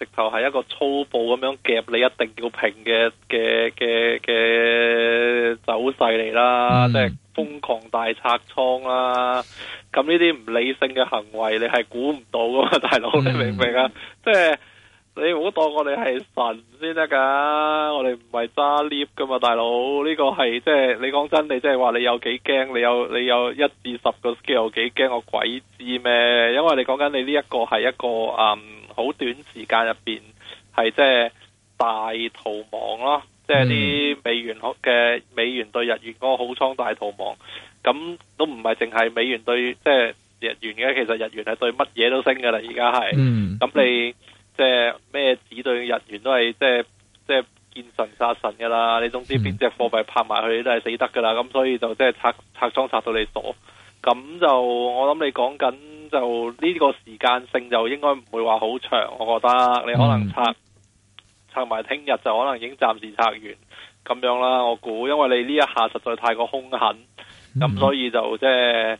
直頭係一個粗暴咁樣夾你，一定要平嘅嘅嘅嘅走勢嚟啦，即係瘋狂大拆倉啦。咁呢啲唔理性嘅行為，你係估唔到噶嘛，大佬你明唔明啊？即係、嗯就是、你唔好當我哋係神先得噶，我哋唔係揸 lift 噶嘛，大佬呢、呢個係即係你講真，你即係話你有幾驚，你有你有一至十個 scale 幾驚，我鬼知咩？因為你講緊你呢一個係一個嗯。好短時間入邊係即係大逃亡咯，即係啲美元嘅美元對日元嗰個好倉大逃亡，咁都唔係淨係美元對即係日元嘅，其實日元係對乜嘢都升嘅啦，而家係，咁、嗯、你即係咩紙對日元都係即係即係見神殺神噶啦，你總之邊隻貨幣拍埋去都係死得噶啦，咁、嗯、所以就即係拆拆倉拆到你傻。咁就我諗你講緊。就呢，這個時間性就應該唔會話好長，我覺得你可能拆，嗯、拆埋聽日就可能已經暫時拆完咁樣啦。我估，因為你呢一下實在太過兇狠，咁、嗯、所以就即係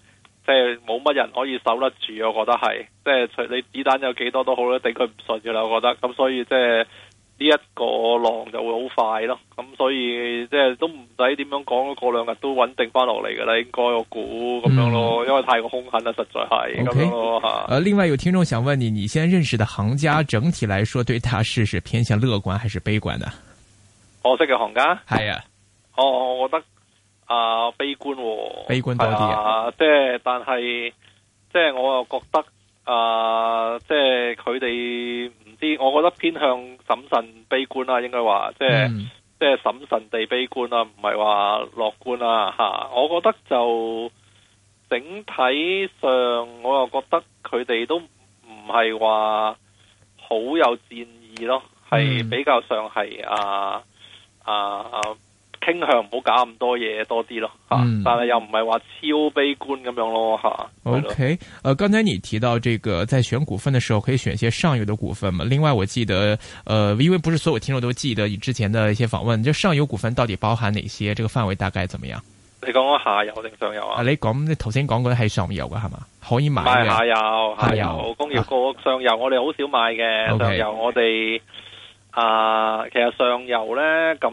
即係冇乜人可以守得住。我覺得係即係除你子彈有幾多都好啦，頂佢唔順嘅啦。我覺得咁所以即係。呢一個浪就會好快咯，咁、嗯、所以即係都唔使點樣講，過兩日都穩定翻落嚟噶啦，應該我估咁樣咯，嗯、因為太過兇狠啦，實在係 Okay.、啊、另外有聽眾想問你，你先認識嘅行家整體來說對大市是偏向樂觀還是悲觀的、啊？我識嘅行家係啊，我 Hi ya.、哦、我覺得啊、呃，悲觀，悲觀多啲啊，即係但係即係我又覺得啊，即係佢哋。啲，我覺得偏向審慎悲觀啦，應該話，即係即係審慎地悲觀啦，唔係話樂觀啦嚇。我覺得就整體上，我又覺得佢哋都唔係話好有戰意咯，係比較上係啊啊。啊傾向唔好搞咁多嘢，多啲咯，吓、嗯，但係又唔係話超悲觀咁樣咯，吓 Okay, 的。O K，誒，剛才你提到這個在選股份嘅時候可以選一些上游的股份嘛？另外，我記得，誒、呃，因為不是所有聽眾都記得你之前的一些訪問，就上游股份到底包含哪些？這個範圍大概係怎麼樣？你講下下游定上游啊？你講、啊，你頭先講嗰啲係上游嘅係嘛？可以買下游，下游工業個上游，我哋好少買嘅。Okay. Okay. 上游我哋啊，其實上游咧咁。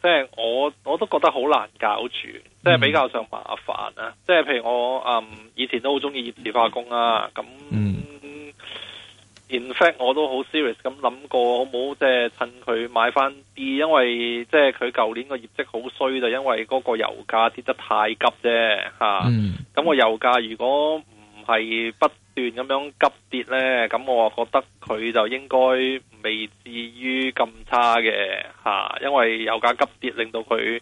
即係我我都覺得好難搞住，即係比較上麻煩啦。即係譬如我嗯以前都好中意葉氏化工啊，咁、嗯、in fact 我都 ser 好 serious 咁諗過，好唔好即係趁佢買翻啲，因為即係佢舊年個業績好衰就因為嗰個油價跌得太急啫，吓、嗯。咁、啊嗰個油價如果唔係不斷咁樣急跌呢，咁我覺得佢就應該未至於咁差嘅嚇，啊，因為油價急跌令到佢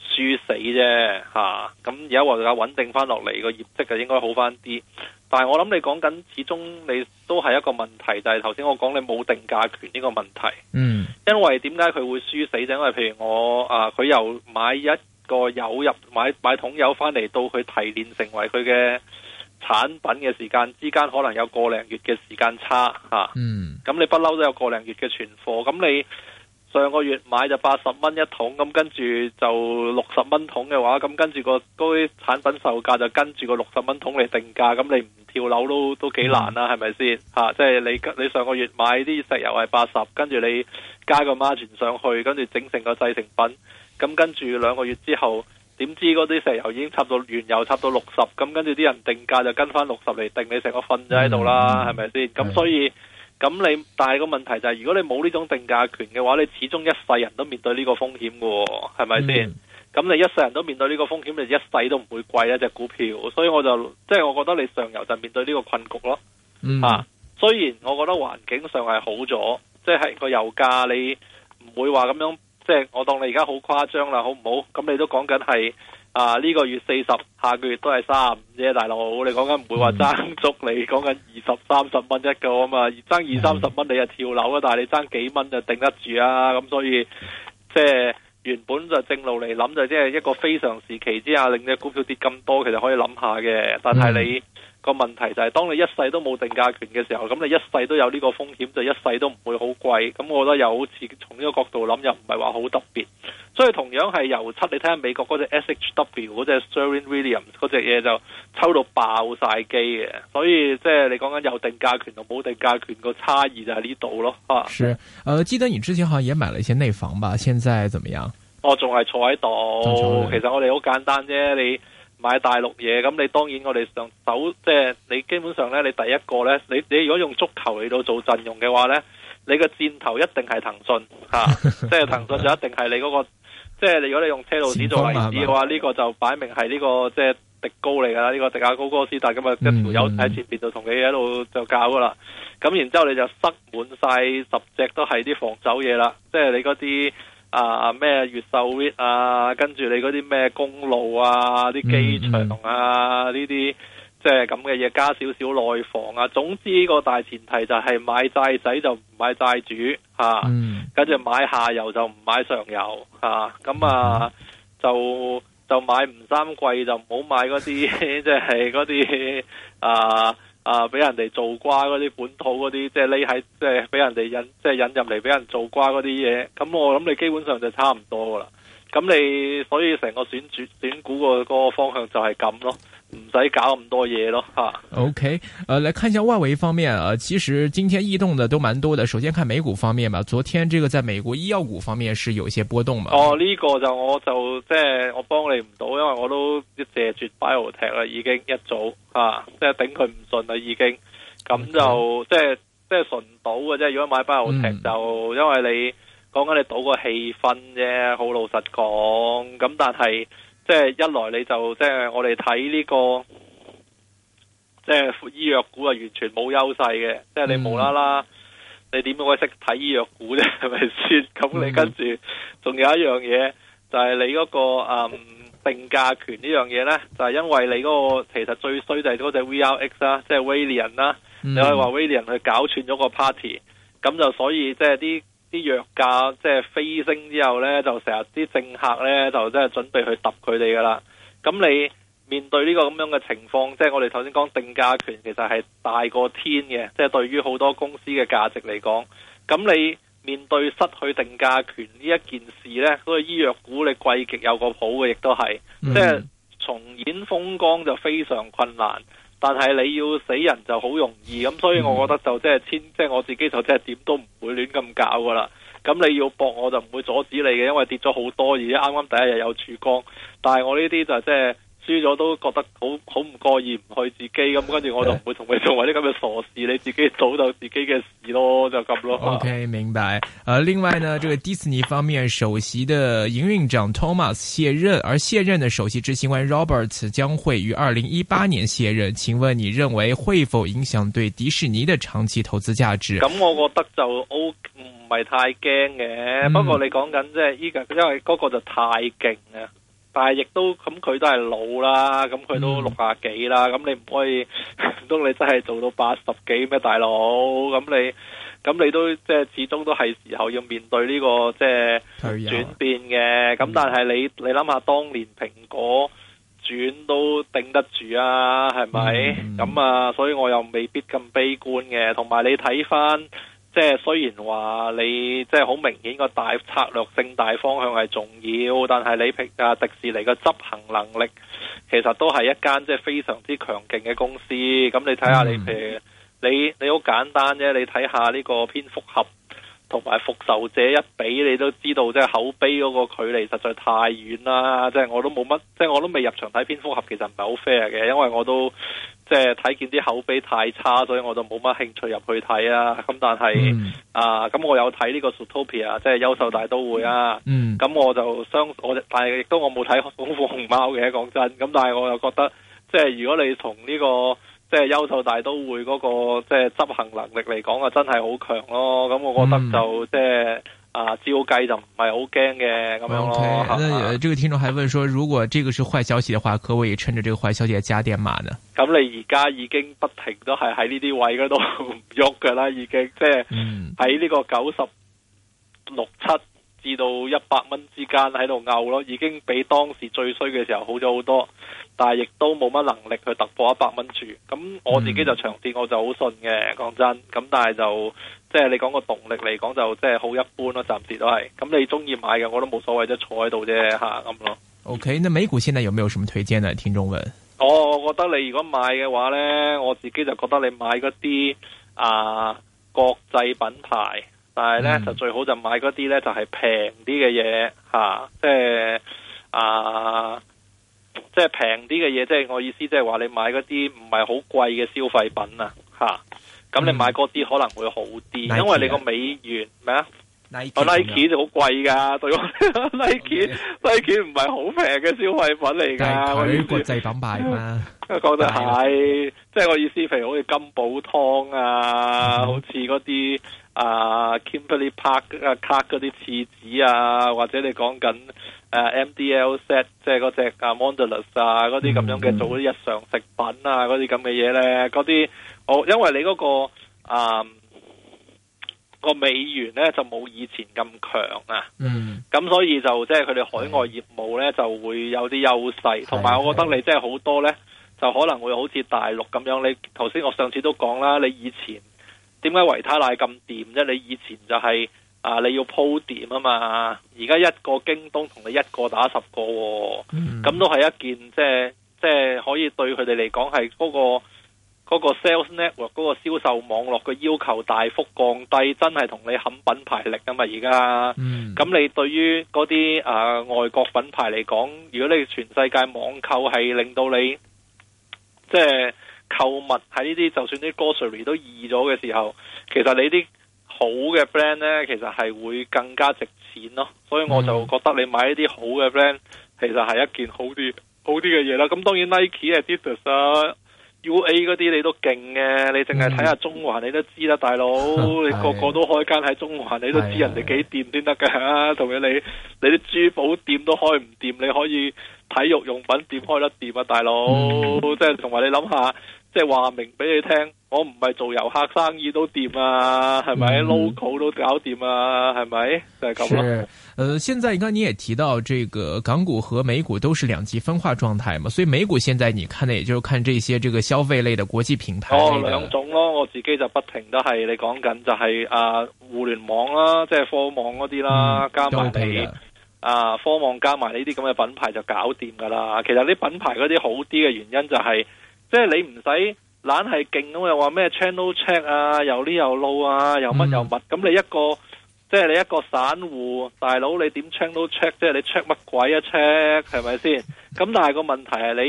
輸死啫嚇。咁而家話穩定翻落嚟，個業績就應該好翻啲。但係我諗你講緊，始終你都係一個問題，就係頭先我講你冇定價權呢個問題。嗯，因為點解佢會輸死就因為譬如我啊，佢又買一個油入買買桶油翻嚟，到佢提煉成為佢嘅產品嘅時間之間可能有個零月嘅時間差嚇，咁、嗯啊、你不嬲都有個零月嘅存貨。咁你上個月買就八十蚊一桶，咁跟住就六十蚊桶嘅話，咁跟住、嗰個嗰啲產品售價就跟住個六十蚊桶嚟定價。咁你唔跳樓都都幾難啦、啊，係咪先嚇？即係、啊即係、你你上個月買啲石油係八十，跟住你加個 margin 上去，跟住整成個製成品，咁跟住兩個月之後。點知嗰啲石油已經插到原油插到六十，咁跟住啲人定價就跟翻六十嚟定，你成個瞓咗喺度啦，係咪先？咁吧所以咁你但係個問題就係，如果你冇呢種定價權嘅話，你始終一世人都面對呢個風險嘅、哦，係咪先？咁、嗯、你一世人都面對呢個風險，你一世都唔會貴一隻股票，所以我就即係、就是、我覺得你上游就面對呢個困局咯。嗯、啊，雖然我覺得環境上係好咗，即係個油價你唔會話咁樣。即係我當你而家好誇張啦，好唔好？咁你都講緊係啊呢個月四十，下個月都係三五啫大佬，你講緊唔會話爭足你，你講緊二十三十蚊一個啊嘛，爭二三十蚊你就跳樓啊，但係你爭幾蚊就頂得住啊，咁所以即係、呃、原本就正路嚟諗就即、是、係一個非常時期之下令你股票跌咁多，其實可以諗下嘅，但係你。嗯個問題就係、是、當你一世都冇定價權嘅時候，咁你一世都有呢個風險，就一世都唔會好貴。咁我覺得又好似從呢個角度諗，又唔係話好特別。所以同樣係油漆，你睇下美國嗰隻 SHW 嗰隻 Sherwin Williams 嗰隻嘢，就抽到爆晒機嘅。所以即係、就是、你講緊有定價權同冇定價權個差異就喺呢度咯。吓，是，呃，記得你之前好像也買了一些內房吧？現在怎麼樣？我仲係坐喺度。其實我哋好簡單啫，你。買大陸嘢，咁你當然我哋上手，即係你基本上咧，你第一個咧，你你如果用足球嚟到做陣容嘅話咧，你個箭頭一定係騰訊吓，啊、 即係騰訊就一定係你嗰、那個， 即係如果你用車路士做例子嘅話，呢、這個就擺明係呢、這個即係迪高嚟噶啦，呢、這個迪亞高哥斯達咁啊，嘅條友喺前邊就同你喺度就搞噶啦，咁 然之後你就塞滿晒十隻都係啲防守嘢啦，即係你嗰啲。啊咩越秀啊，跟住、啊、你嗰啲咩公路啊、啲機場啊呢啲，即係咁嘅嘢加少少內房啊。總之個大前提就係買債仔就唔買債主嚇，跟、啊、住、嗯、買下游就唔買上游嚇。咁啊，啊，就就買唔三季就唔好買嗰啲，即係嗰啲啊。啊！俾人哋做瓜嗰啲本土嗰啲，即係匿喺，即係俾人哋引，即係引入嚟俾人做瓜嗰啲嘢。咁我諗你基本上就差唔多噶啦。咁你所以成個選轉選股個嗰個方向就係咁咯。唔使搞咁多嘢咯吓。OK，誒、呃，來看一下外圍方面啊、呃。其實今天異動的都蠻多的。首先看美股方面吧，昨天這個在美國醫藥股方面是有些波動嘛。哦，呢、這個就我就即係我幫你唔到，因為我都借住 BioNTech 啦，已經一早啊，即係頂佢唔順啦已經。咁就 Okay. 即係即係純賭嘅啫。如果買 BioNTech 就、嗯、因為你講緊你賭個氣氛啫，好老實講。咁但係。即係一來你就即係、就是、我哋睇呢個即係、就是、醫藥股啊，完全冇優勢嘅。即、就、係、是、你無啦啦，mm hmm. 你點會識睇醫藥股啫？係咪先？咁你跟住，仲有一樣嘢就係、是、你嗰、那個嗯定價權呢樣嘢呢，就係、是、因為你嗰、那個其實最衰、啊、就係嗰隻 VRX 啦，即係 William 啦，hmm. 你可以話 William 去搞串咗個 party，咁就所以即係啲。就是啲藥價即係飛升之後呢，就成日啲政客呢，就真係準備去揼佢哋噶啦。咁你面對呢個咁樣嘅情況，即係我哋頭先講定價權其實係大過天嘅，即係對於好多公司嘅價值嚟講。咁你面對失去定價權呢一件事呢，嗰、嗰個醫藥股你貴極有個譜嘅，亦都係、嗯、即係重演風光就非常困難。但係你要死人就好容易，咁所以我覺得就即係千，即係 我自己就即係點都唔會亂咁搞噶啦。咁你要搏我就唔會阻止你嘅，因為跌咗好多，而且啱啱第一日有曙光。但係我呢啲就即係。就是輸咗都覺得好好唔過意，唔去自己咁，跟住我就唔會同佢做埋啲咁嘅傻事，你自己賭就自己嘅事咯，就咁咯。OK，明白。誒、呃，另外呢，這個迪士尼方面首席的營運長 Thomas 卸任，而卸任的首席執行官 Roberts 將會於二零一八年卸任。請問你認為會否影響對迪士尼的長期投資價值？咁我覺得就唔係太驚嘅，不過你講緊即係依家，因為嗰個就太勁啦。但係亦都咁，佢都係老啦，咁佢都六廿幾啦，咁你唔可以，都你真係做到八十幾咩，大佬？咁、嗯、你，咁你都即係始終都係時候要面對呢、這個即係、就是、有轉變嘅。咁但係你，有你諗下當年蘋果轉都頂得住啊，係咪？咁啊，所以我又未必咁悲觀嘅。同埋你睇翻。即係雖然話你即係好明顯個大策略性大方向係重要，但係你評價迪士尼個執行能力其實都係一間即係非常之強勁嘅公司。咁你睇下你譬如、嗯、你你好簡單啫，你睇下呢個蝙蝠俠。同埋復仇者一比，你都知道即係口碑嗰個距離實在太遠啦！即係我都冇乜，即係我都未入場睇蝙蝠俠，其實唔係好 fair 嘅，因為我都即係睇見啲口碑太差，所以我就冇乜興趣入去睇啊！咁但係、嗯、啊，咁我有睇呢個 Zootopia，即係優獸大都會啊！咁、嗯嗯、我就相，我，但係亦都我冇睇功夫熊貓嘅、啊，講真。咁但係我又覺得，即係如果你從呢、這個。即係優秀大都會嗰個即係執行能力嚟講啊，真係好強咯！咁我覺得就即係啊照計就唔係好驚嘅咁樣咯。呢個聽眾係問說：如果這個是壞消息嘅話可唔可以趁住呢個壞消息加點碼呢？咁你而家已經不停都係喺呢啲位嗰度喐噶啦，已經即係喺呢個九十六七。至到一百蚊之間喺度拗咯，已經比當時最衰嘅時候好咗好多，但係亦都冇乜能力去突破一百蚊處。咁我自己就長線，我就好信嘅，講真。咁但係就即係、就是、你講個動力嚟講，就即係好一般咯，暫時都係。咁你中意買嘅，我都冇所謂，即坐喺度啫吓咁咯。O、okay, K，那美股現在有沒有什麼推薦呢？聽眾問，我覺得你如果買嘅話呢，我自己就覺得你買嗰啲啊國際品牌。但係咧，就最好就買嗰啲咧，就係平啲嘅嘢吓，即係啊，即係平啲嘅嘢。即係我意思，即係話你、嗯、你買嗰啲唔係好貴嘅消費品啊吓。咁你買嗰啲可能會好啲，因為你個美元咩啊？Nike 就好貴噶，對，Nike Nike 唔係好平嘅消費品嚟噶。佢國際品牌嘛，國際即係我意思，譬如好似金寶湯啊，好似嗰啲。啊、uh,，Kimberly Park 啊 Clark 嗰啲廁紙啊，或者你講緊誒 M D L Z，即係嗰隻啊 Mondelez 啊，嗰啲咁樣嘅、嗯嗯、做啲日常食品啊，嗰啲咁嘅嘢咧，嗰啲我因為你嗰、那個啊個美元咧就冇以前咁強啊，嗯，咁所以就即係佢哋海外業務咧的就會有啲優勢，同埋的我覺得你即係好多咧就可能會好似大陸咁樣，你頭先我上次都講啦，你以前。點解維他奶咁掂啫？你以前就係、是、啊，你要鋪掂啊嘛。而家一個京東同你一個打十個、啊，咁、mm hmm. 都係一件即係即係可以對佢哋嚟講係嗰個嗰、嗰個 sales network 嗰個銷售網絡嘅要求大幅降低，真係同你冚品牌力啊嘛。而家咁你對於嗰啲啊外國品牌嚟講，如果你全世界網購係令到你即係。就是購物喺呢啲，就算啲 grocery 都易咗嘅時候，其實你啲好嘅 brand 呢，其實係會更加值錢咯。所以我就覺得你買一啲好嘅 brand，其實係一件好啲好啲嘅嘢啦。咁當然 Nike 啊、Adidas、UA 嗰啲你都勁嘅，你淨係睇下中環你都知啦，大佬，你個個都開間喺中環，你都知人哋幾掂先得㗎。同埋你你啲珠寶店都開唔掂，你可以。體育用品店開得掂啊，大佬，嗯！即係同埋你諗下，即係話明俾你聽，我唔係做遊客生意都掂啊，係咪？local 都搞掂啊，係咪？就係咁咯。是，誒、呃，現在剛才你也提到，這個港股和美股都是兩極分化狀態嘛，所以美股現在你看的，也就是看這些這個消費類的國際平台。哦，兩種咯，我自己就不停都係你講緊、就是，就係啊，互聯網啦，即係科網嗰啲啦，加埋上。啊，科網加埋呢啲咁嘅品牌就搞掂噶啦。其實啲品牌嗰啲好啲嘅原因就係、是，即、就、係、是、你唔使懶係勁咁又、就、話、是、咩 channel check 啊，又呢又路啊，又乜又乜咁、嗯嗯、你一個即係、就是、你一個散戶大佬，你點 channel check 即啫？你 check 乜鬼啊 check？係咪先？咁但係個問題係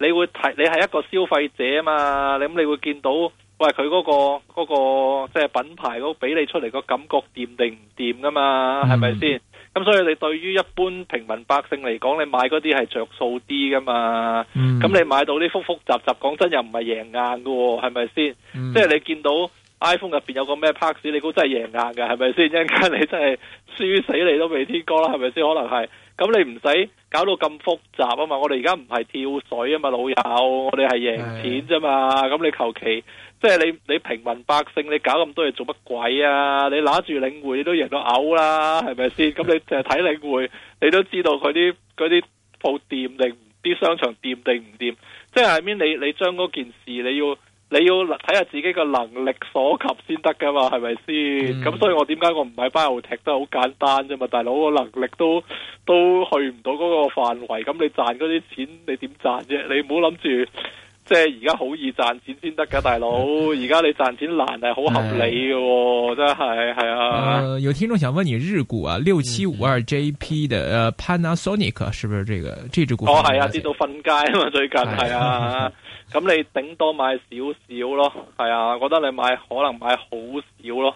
你你會睇你係一個消費者嘛？咁你，你會見到喂佢嗰、那個嗰、那個即係、就是、品牌嗰、那、俾、個、你出嚟個感覺掂定唔掂噶嘛？係咪先？嗯咁所以你對於一般平民百姓嚟講，你買嗰啲係着數啲㗎嘛？咁、嗯、你買到啲複複雜雜，講真又唔係贏硬㗎喎，係咪先？即係、嗯、你見到 iPhone 入邊有個咩 packs，你估真係贏硬㗎？係咪先？一陣間你真係輸死你都未天光啦，係咪先？可能係。咁你唔使搞到咁複雜啊嘛！我哋而家唔係跳水啊嘛，老友，我哋係贏錢啫嘛！咁的你求其，即係你你平民百姓，你搞咁多嘢做乜鬼啊？你拿住領匯你都贏到嘔啦，係咪先？咁 你淨係睇領匯，你都知道佢啲啲鋪掂定啲商場掂定唔掂。即係係邊你你將嗰件事你要？你要睇下自己嘅能力所及先得噶嘛，係咪先？咁、嗯、所以我點解我唔喺巴度踢都係好簡單啫嘛，大佬，我能力都都去唔到嗰個範圍，咁你賺嗰啲錢你點賺啫？你唔好諗住。即係而家好易賺錢先得噶，大佬！而家你賺錢難係好合理嘅、哦，哎、呀真係係啊、呃。有聽眾想問你日股啊，六七五二 JP 的、嗯 uh, Panasonic 係咪係呢、這個這支股票？哦係啊，跌到瞓街啊嘛最近，係、哎、呀啊。咁、嗯、你頂多買少少咯，係啊。我覺得你買可能買好少咯。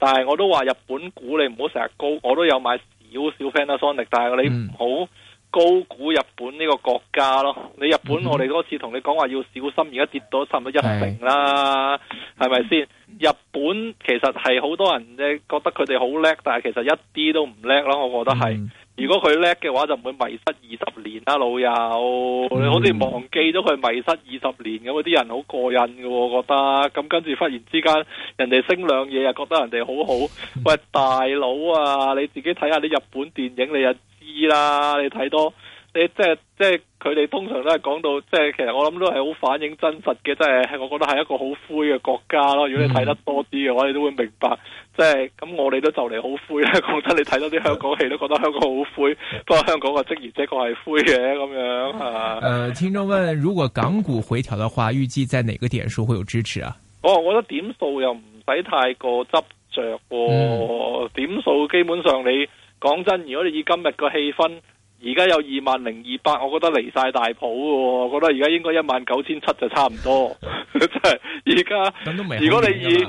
但係我都話日本股你唔好成日高，我都有買少少 Panasonic，但係你唔好、嗯。高估日本呢個國家咯，你日本、嗯、哼我哋嗰次同你講話要小心，而家跌到差唔多一成啦，係咪先？日本其實係好多人咧覺得佢哋好叻，但係其實一啲都唔叻咯，我覺得係。嗯、如果佢叻嘅話，就唔會迷失二十年啦，老友，你、嗯、好似忘記咗佢迷失二十年咁，啲人好過癮嘅喎，我覺得咁跟住忽然之間人哋升兩嘢，又覺得人哋好好。喂，大佬啊，你自己睇下你日本電影，你又～依啦，你睇多，你即係即係，佢哋通常都係講到，即係其實我諗都係好反映真實嘅，即係我覺得係一個好灰嘅國家咯。如果你睇得多啲嘅話，嗯、我你都會明白，即係咁我哋都就嚟好灰咧。講真，你睇多啲香港戲都覺得香港好灰，不過香港嘅職業的確係灰嘅咁樣吓。誒、嗯，聽眾問，如果港股回調嘅話，預計在哪個點數會有支持啊？哦，我覺得點數又唔使太過執着、哦，嗯、點數基本上你。講真，如果你以今日個氣氛，而家有二萬零二百，我覺得離晒大譜嘅。我覺得而家應該一萬九千七就差唔多。真係而家，如果你以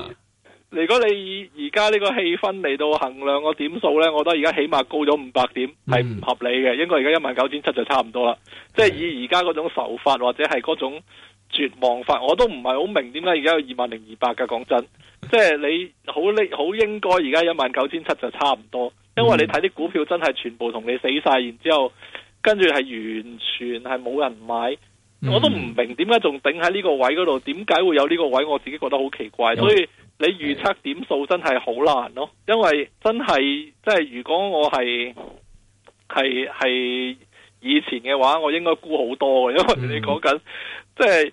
如果你以而家呢個氣氛嚟到衡量個點數呢，我覺得而家起碼高咗五百點，嗯、係唔合理嘅。應該而家一萬九千七就差唔多啦。即係以而家嗰種手法或者係嗰種絕望法，我都唔係好明點解而家有二萬零二百嘅。講真，即係你好呢好應該而家一萬九千七就差唔多。因為你睇啲股票真係全部同你死晒，然之後跟住係完全係冇人買，嗯、我都唔明點解仲頂喺呢個位嗰度，點解會有呢個位？我自己覺得好奇怪，嗯、所以你預測點數真係好難咯、哦，因為真係即係如果我係係係以前嘅話，我應該估好多嘅，因為你講緊即係。嗯即係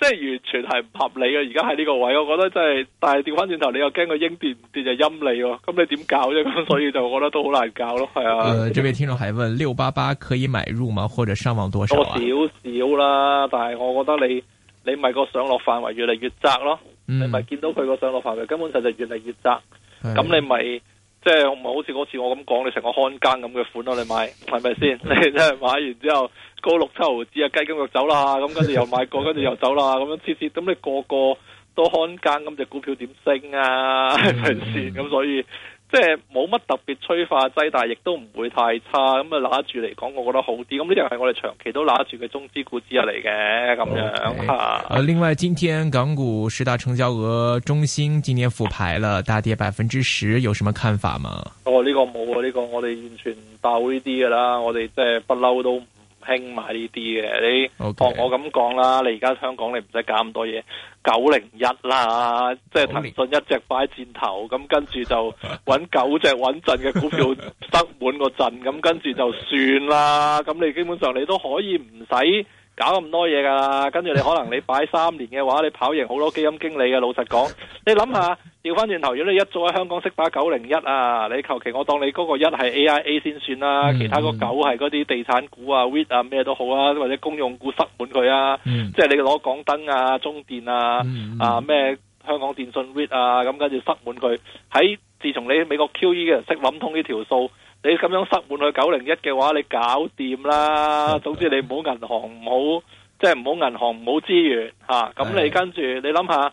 即係完全係唔合理嘅，而家喺呢個位，我覺得真係，但係調翻轉頭，你又驚個英跌唔跌就陰你喎，咁你點搞啫？咁所以就我覺得都好難搞咯，係啊。誒、呃，呢位聽眾係問六八八可以買入嗎？或者上網多少啊？少少啦，但係我覺得你你咪個上落範圍越嚟越窄咯，嗯、你咪見到佢個上落範圍根本上就越嚟越窄，咁、嗯、你咪。即係唔係好似嗰次我咁講，你成個看更咁嘅款咯，啊，你買係咪先？你即係買完之後，高六七毫紙啊，雞咁腳走啦，咁跟住又買過，跟住又走啦，咁樣次次，咁你個個都看更，咁隻股票點升啊？係咪先？咁 所以。即係冇乜特別催化劑，但係亦都唔會太差，咁啊攬住嚟講，我覺得好啲。咁呢樣係我哋長期都攬住嘅中資股之一嚟嘅咁啊。另外，今天港股十大成交額中興今天復牌了，大跌百分之十，有什麼看法嗎？哦，呢個冇啊，呢個我哋完全唔鬥呢啲噶啦，我哋即係不嬲都。輕買呢啲嘅，你學我咁講啦。你而家香港你唔使搞咁多嘢，九加一啦，即係騰訊一隻擺箭頭，咁 跟住就揾九隻穩陣嘅股票塞滿個陣，咁 跟住就算啦。咁你基本上你都可以唔使搞咁多嘢噶啦。跟住你可能你擺三年嘅話，你跑贏好多基金經理嘅。老實講，你諗下。調翻轉頭，如果你一早喺香港識把九零一啊，你求其我當你嗰個一係 AIA 先算啦、啊，嗯、其他個九係嗰啲地產股啊、REIT 啊咩都好啊，或者公用股塞滿佢啊，嗯、即係你攞港燈啊、中電啊、嗯、啊咩香港電信 REIT 啊，咁跟住塞滿佢。喺自從你美國 QE 嘅人識諗通呢條數，你咁樣塞滿佢九零一嘅話，你搞掂啦。總之你冇銀行，唔好，即係唔好銀行唔好資源吓，咁、啊、你跟住你諗下。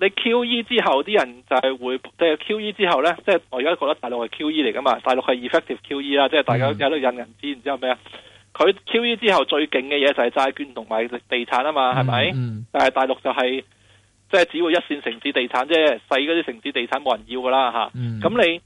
你 QE 之後啲人就係會，即、就、係、是、QE 之後咧，即係我而家覺得大陸係 QE 嚟噶嘛，大陸係 effective QE 啦，嗯、即係大家有啲印銀紙，知，然之後咩啊？佢 QE 之後最勁嘅嘢就係債券同埋地產啊嘛，係咪？但係大陸就係、是、即係只會一線城市地產啫，細嗰啲城市地產冇人要噶啦吓，咁、嗯、你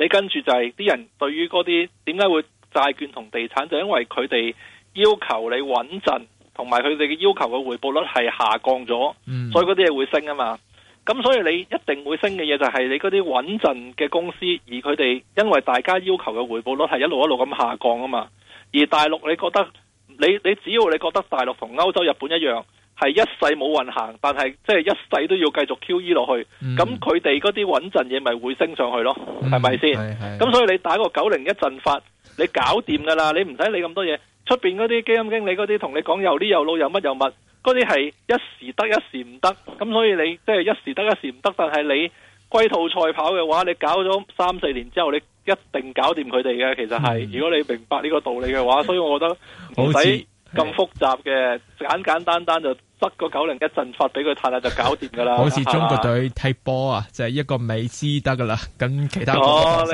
你跟住就係、是、啲人對於嗰啲點解會債券同地產，就是、因為佢哋要求你穩陣。同埋佢哋嘅要求嘅回報率係下降咗，嗯、所以嗰啲嘢會升啊嘛。咁所以你一定會升嘅嘢就係你嗰啲穩陣嘅公司，而佢哋因為大家要求嘅回報率係一路一路咁下降啊嘛。而大陸你覺得你你只要你覺得大陸同歐洲、日本一樣，係一世冇運行，但係即係一世都要繼續 QE 落去，咁佢哋嗰啲穩陣嘢咪會升上去咯？係咪先？咁是所以你打個九加一陣法，你搞掂噶啦，你唔使理咁多嘢。出邊嗰啲基金經理嗰啲同你講又呢又老又乜又乜，嗰啲係一時得一時唔得，咁所以你即係一時得一時唔得，但係你龜兔賽跑嘅話，你搞咗三四年之後，你一定搞掂佢哋嘅。其實係，如果你明白呢個道理嘅話，所以我覺得唔使咁複雜嘅，簡簡單單就。得個九零一陣發俾佢嘆下就搞掂噶啦，好似中國隊踢吧波啊，就係一個美斯得噶啦。咁其他哦你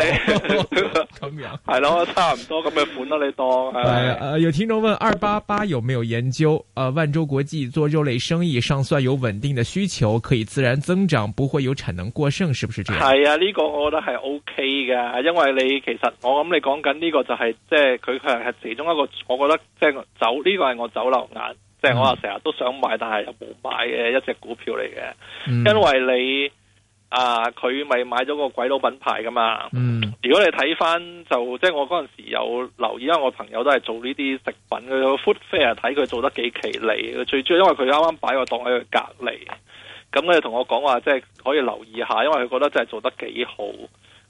咁樣係咯，差唔多咁嘅款咯，你當係。誒、呃，有聽眾問二八八有冇有研究？誒、呃，萬洲國際做肉類生意，尚算有穩定的需求，可以自然增長，不會有產能過剩，是不是這樣？係啊，呢、這個我覺得係 O K 噶，因為你其實我諗你講緊呢個就係即係佢係係其中一個，我覺得即係、就是、走呢、這個係我走漏眼。我話成日都想買，但係又冇買嘅一隻股票嚟嘅，因為你啊佢咪買咗個鬼佬品牌噶嘛。 如果你睇翻就即係我嗰陣時有留意，因為我朋友都係做呢啲食品嘅 food fair，睇佢做得幾奇利。最主要因為佢啱啱擺個檔喺佢隔籬，咁佢同我講話即係可以留意下，因為佢覺得真係做得幾好。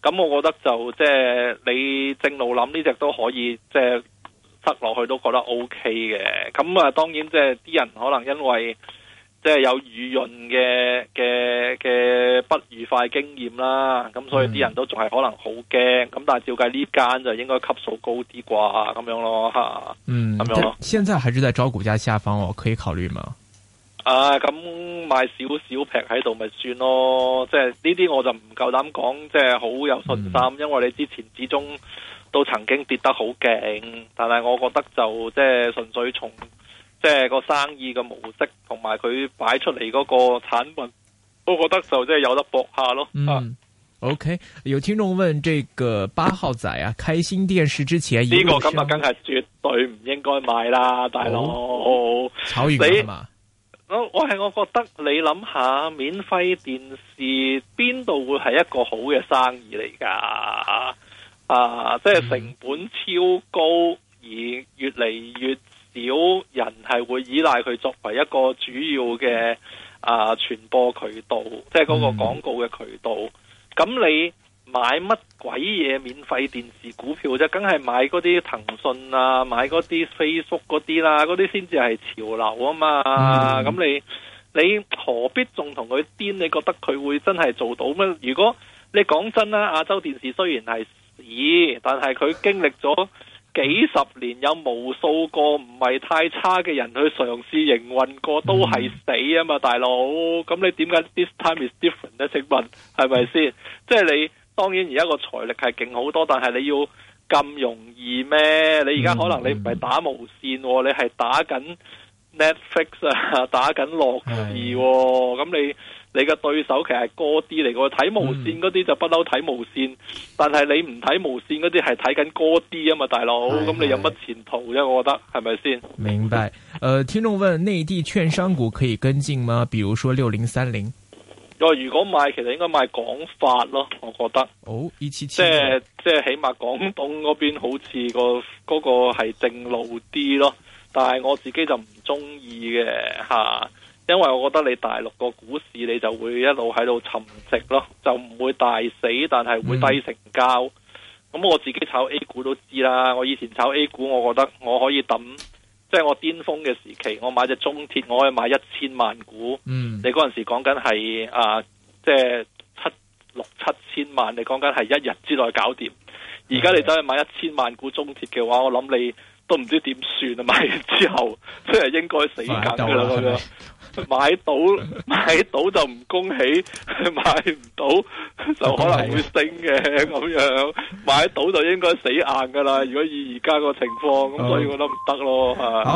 咁我覺得就即係你正路諗呢隻都可以即係。執落去都覺得 O K 嘅，咁啊當然即係啲人可能因為即係有雨潤嘅嘅嘅不愉快經驗啦，咁所以啲人都仲係可能好驚，咁但係照計呢間就應該級數高啲啩，咁樣咯吓，嗯，咁樣咯。現在還是在招股價下方喎，我可以考慮嗎？啊，咁買少少劈喺度咪算咯，即係呢啲我就唔夠膽講，即係好有信心，因為你之前始終。都曾經跌得好勁，但係我覺得就即係純粹從即係個生意嘅模式同埋佢擺出嚟嗰個產品，我覺得就即係有得搏下咯。嗯，OK，有聽眾問，這個八號仔啊，開心電視之前呢個今日梗係絕對唔應該買啦，大佬，炒完嘛？我我係我覺得你諗下，免費電視邊度會係一個好嘅生意嚟㗎？啊！即係成本超高，而越嚟越少人係會依賴佢作為一個主要嘅啊傳播渠道，即係嗰個廣告嘅渠道。咁、嗯、你買乜鬼嘢免費電視股票啫？梗係買嗰啲騰訊啊，買嗰啲 Facebook 嗰啲啦，嗰啲先至係潮流啊嘛！咁、嗯、你你何必仲同佢癲？你覺得佢會真係做到咩？如果你講真啦，亞洲電視雖然係，咦？但係佢經歷咗幾十年，有無數個唔係太差嘅人去嘗試營運過，都係死啊嘛，大佬。咁你點解 this time is different 呢？請問係咪先？即係你當然而家個財力係勁好多，但係你要咁容易咩？你而家可能你唔係打無線啊，你係打緊 Netflix 啊，打緊樂視啊。咁你。你嘅對手其實係歌啲嚟，我睇無線嗰啲就不嬲睇無線，嗯、但係你唔睇無線嗰啲係睇緊歌啲啊嘛，大佬，咁是你有乜前途啫？我覺得係咪先？是是明白。誒、呃，聽眾問：內地券商股可以跟進嗎？比如說六零三零。哦，如果買其實應該買廣發咯，我覺得。哦，一七七。即係即係起碼廣東嗰邊好似個嗰個係正路啲咯，但係我自己就唔中意嘅吓。因為我覺得你大陸個股市你就會一路喺度沉寂咯，就唔會大死，但係會低成交。咁、嗯嗯、我自己炒 A 股都知啦，我以前炒 A 股，我覺得我可以抌，即係我巔峰嘅時期，我買隻中鐵，我可以買一千萬股。嗯、你嗰陣時講緊係啊，即係七六七千萬，你講緊係一日之內搞掂。而家你走去買一千萬股中鐵嘅話，我諗你都唔知點算啊！買完之後，即係應該死緊噶啦咁樣。 買到買到就唔恭喜，買唔到就可能會升嘅咁樣， 買到就應該死硬㗎喇。如果以而家個情況，咁所以我覺得唔得咯，係。